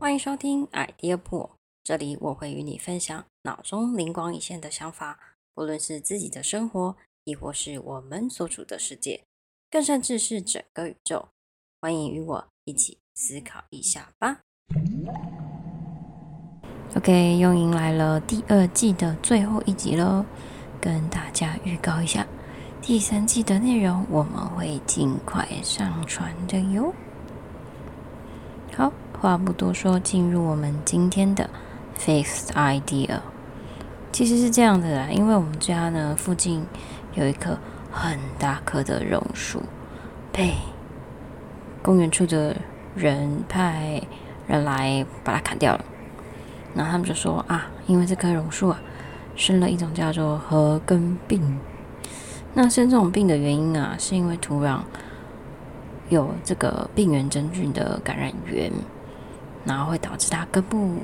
歡迎收聽《Ideapool》，這裡我會與你分享腦中靈光一現的想法，不論是自己的生活，亦或是我們所處的世界，更甚至是整個宇宙。歡迎與我一起思考一下吧。OK，又迎來了第二季的最後一集嘍，跟大家預告一下，第三季的內容我們會盡快上傳的喲。好。話不多說，進入我們今天的 fifth idea。其實是這樣子的，因為我們家呢附近有一棵很大棵的榕樹，被公園處的人派人來把它砍掉了。然後他們就說啊，因為這棵榕樹啊生了一種叫做褐根病。那生這種病的原因啊，是因為土壤有這個病原真菌的感染源。然後會導致它根部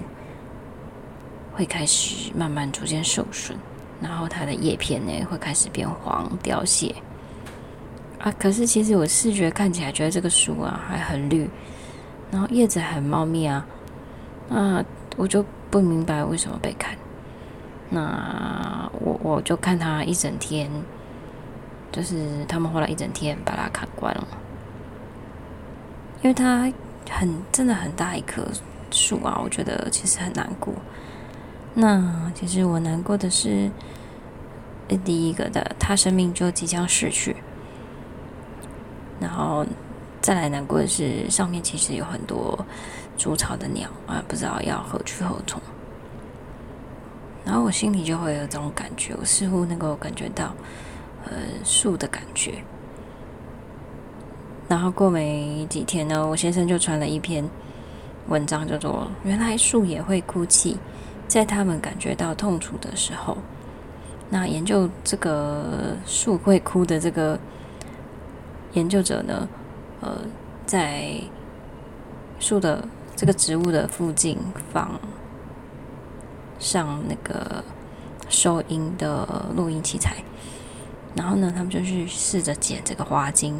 會開始慢慢逐漸受損，然後它的葉片呢會開始變黃凋謝啊！可是其實我視覺看起來覺得這個樹啊還很綠，然後葉子很茂密啊，那、啊、我就不明白為什麼被砍。那我我就看它一整天，就是他們花了一整天把它砍光了，因為它。很真的很大一棵樹啊，我覺得其實很難過。那其實我難過的是，呃，第一個的，他生命就即將逝去。然後再來難過的是，上面其實有很多築巢的鳥啊，不知道要何去何從。然後我心裡就會有這種感覺，我似乎能夠感覺到，呃，樹的感覺。然後過沒幾天呢，我先生就傳了一篇文章，叫做《原來樹也會哭泣，在他們感覺到痛楚的時候》。那研究這個樹會哭的這個研究者呢，呃，在樹的這個植物的附近放上那個收音的錄音器材，然後呢，他們就去試着剪這個花莖。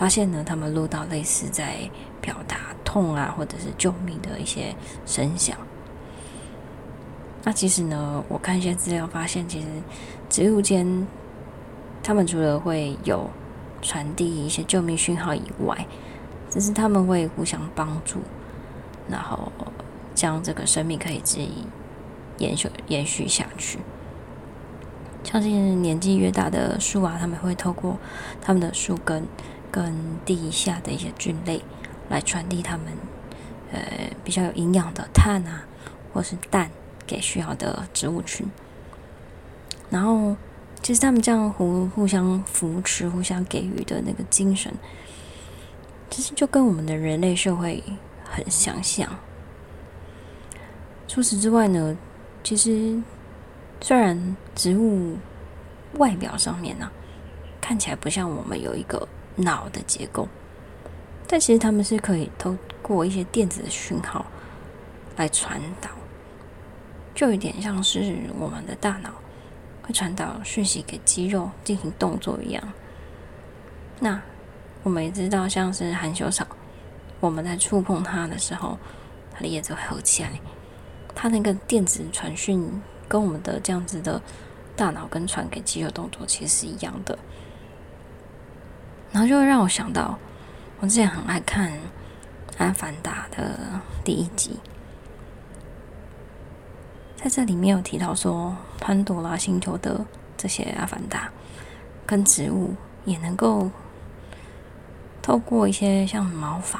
發現呢，他們錄到類似在表達痛啊，或者是救命的一些聲響。那其實呢，我看一些資料發現，其實植物間他們除了會有傳遞一些救命訊號以外，只是他們會互相幫助，然後將這個生命可以自己延續延續下去。像是年紀越大的樹啊，他們會透過他們的樹根。跟地下的一些菌類來傳遞它們，呃，比較有營養的碳啊，或是氮給需要的植物群。然後，其實他們這樣互互相扶持，互相給予的那個精神，其實就跟我們的人類社會很相像。除此之外呢，其實雖然植物外表上面呢，看起來不像我們有一個。腦的結構，但其實他們是可以透過一些電子的訊號來傳導，就有點像是我們的大腦會傳導訊息給肌肉進行動作一樣。那我們也知道，像是含羞草，我們在觸碰它的時候，它的葉子會合起來，它那個電子傳訊跟我們的這樣子的大腦跟傳給肌肉動作其實是一樣的。然後就會讓我想到，我之前很愛看《阿凡達》的第一集，在這裡面有提到說，潘多拉星球的這些阿凡達跟植物也能夠透過一些像毛髮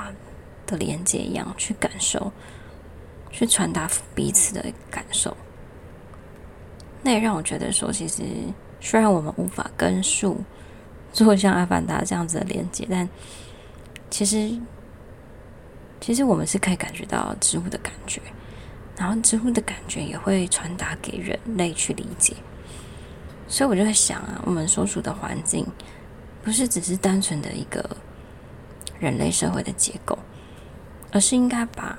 的連接一樣去感受，去傳達彼此的感受。那也讓我覺得說，其實雖然我們無法跟樹做像《阿凡達》這樣子的連接，但其實其實我們是可以感覺到植物的感覺，然後植物的感覺也會傳達給人類去理解。所以我就在想啊，我們所處的環境不是只是單純的一個人類社會的結構，而是應該把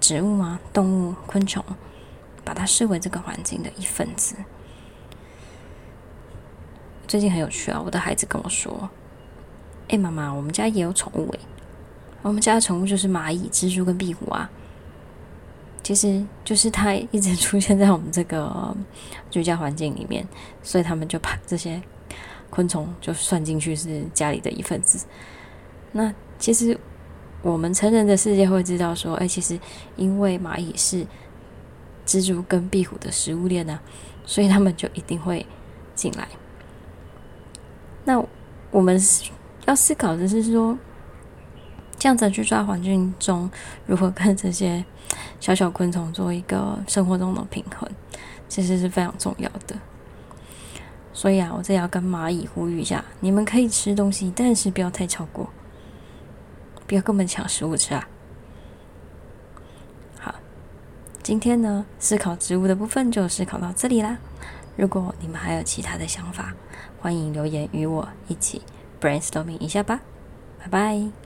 植物啊、動物、昆蟲，把它視為這個環境的一份子。最近很有趣啊！我的孩子跟我說：“哎，媽媽，我們家也有寵物哎，我們家的寵物就是螞蟻、蜘蛛跟壁虎啊。”其實就是它一直出現在我們這個居家環境裡面，所以他們就把這些昆蟲就算進去是家裡的一份子。那其實我們成人的世界會知道說：“哎，其實因為螞蟻是蜘蛛跟壁虎的食物鏈啊，所以他們就一定會進來。”那我們要思考的是說，這樣子去抓環境中如何跟這些小小昆蟲做一個生活中的平衡，其實是非常重要的。所以啊，我這也要跟螞蟻呼籲一下：你們可以吃東西，但是不要太超過，不要跟我們搶食物吃啊！好，今天呢，思考植物的部分就思考到這裡啦。如果你們還有其他的想法，歡迎留言與我一起 brainstorming 一下吧！拜拜。